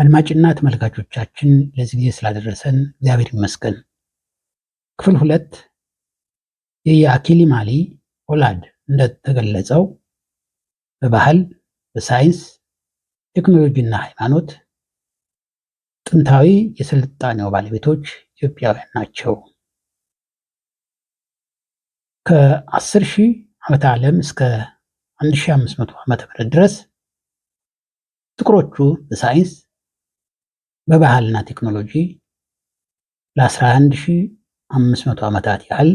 አድማጭና ተመልካቾቻችን ለዚህ ጊዜ ስላደረሰን እግዚአብሔር ይመስገን። ክፍል ሁለት ማሊ ኦላድ እንደተገለጸው በባህል፣ በሳይንስ፣ ቴክኖሎጂና ሃይማኖት ጥንታዊ የስልጣኔው ባለቤቶች ኢትዮጵያውያን ናቸው። ከ10 ሺህ ዓመተ ዓለም እስከ 1500 ዓመተ ምህረት ድረስ ጥቁሮቹ በሳይንስ በባህልና ቴክኖሎጂ ለ11500 ዓመታት ያህል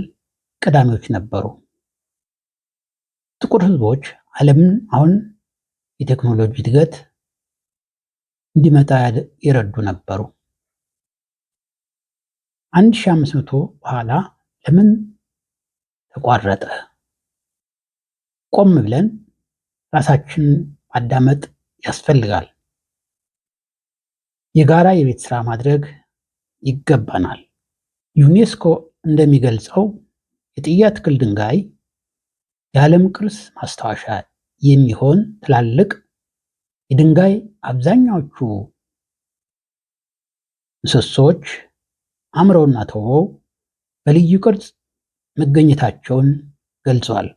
ቀዳሚዎች ነበሩ። ጥቁር ህዝቦች ዓለምን አሁን የቴክኖሎጂ እድገት እንዲመጣ ይረዱ ነበሩ። 1500 በኋላ ለምን ተቋረጠ? ቆም ብለን ራሳችንን ማዳመጥ ያስፈልጋል። የጋራ የቤት ስራ ማድረግ ይገባናል። ዩኔስኮ እንደሚገልጸው የጥያ ትክል ድንጋይ የዓለም ቅርስ ማስታወሻ የሚሆን ትላልቅ የድንጋይ አብዛኛዎቹ ምሰሶች አምረውና ተውበው በልዩ ቅርጽ መገኘታቸውን ገልጿል።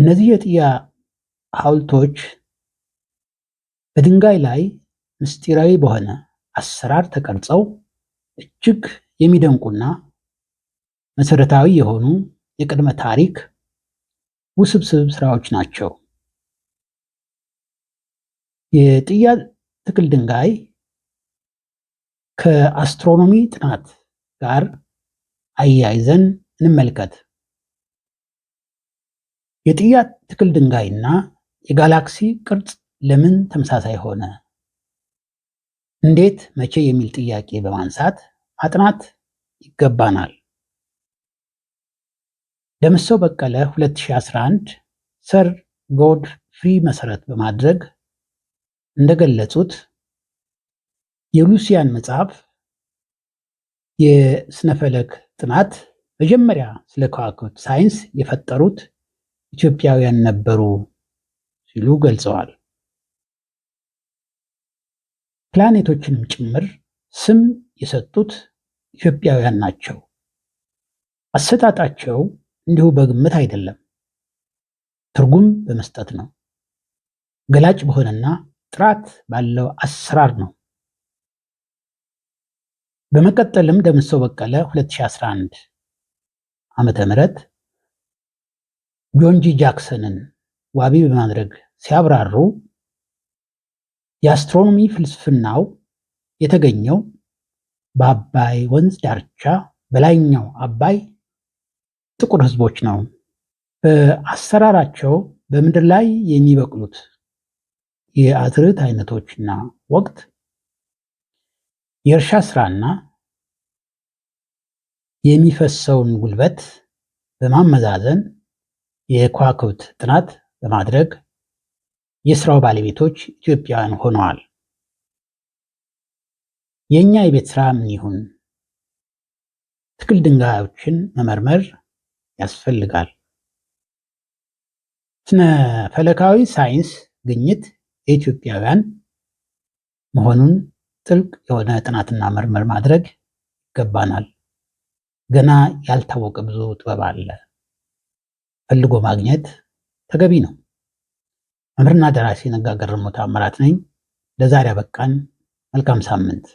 እነዚህ የጥያ ሐውልቶች በድንጋይ ላይ ምስጢራዊ በሆነ አሰራር ተቀርጸው እጅግ የሚደንቁና መሰረታዊ የሆኑ የቅድመ ታሪክ ውስብስብ ስራዎች ናቸው። የጥያ ትክል ድንጋይ ከአስትሮኖሚ ጥናት ጋር አያይዘን እንመልከት። የጥያ ትክል ድንጋይና የጋላክሲ ቅርጽ ለምን ተመሳሳይ ሆነ፣ እንዴት፣ መቼ የሚል ጥያቄ በማንሳት ማጥናት ይገባናል። ደምሰው በቀለ 2011 ሰር ጎድ ፍሪ መሰረት በማድረግ እንደገለጹት የሉሲያን መጽሐፍ የስነፈለክ ጥናት መጀመሪያ ስለ ከዋክብት ሳይንስ የፈጠሩት ኢትዮጵያውያን ነበሩ ሲሉ ገልጸዋል። ፕላኔቶችንም ጭምር ስም የሰጡት ኢትዮጵያውያን ናቸው። አሰጣጣቸው እንዲሁ በግምት አይደለም፣ ትርጉም በመስጠት ነው። ገላጭ በሆነና ጥራት ባለው አሰራር ነው። በመቀጠልም ደምሰው በቀለ 2011 ዓመተ ምህረት ጆንጂ ጃክሰንን ዋቢ በማድረግ ሲያብራሩ የአስትሮኖሚ ፍልስፍናው የተገኘው በአባይ ወንዝ ዳርቻ በላይኛው አባይ ጥቁር ህዝቦች ነው። በአሰራራቸው በምድር ላይ የሚበቅሉት የአትርት አይነቶችና ወቅት፣ የእርሻ ስራና የሚፈሰውን ጉልበት በማመዛዘን የከዋክብት ጥናት በማድረግ የስራው ባለቤቶች ኢትዮጵያውያን ሆነዋል። የእኛ የቤት ስራ ምን ይሁን? ትክል ድንጋዮችን መመርመር ያስፈልጋል። ስነ ፈለካዊ ሳይንስ ግኝት የኢትዮጵያውያን መሆኑን ጥልቅ የሆነ ጥናትና ምርምር ማድረግ ይገባናል። ገና ያልታወቀ ብዙ ጥበብ አለ። ፈልጎ ማግኘት ተገቢ ነው። መምህርና ደራሲ ነጋ ገረሞት ታምራት ነኝ። ለዛሬ አበቃን። መልካም ሳምንት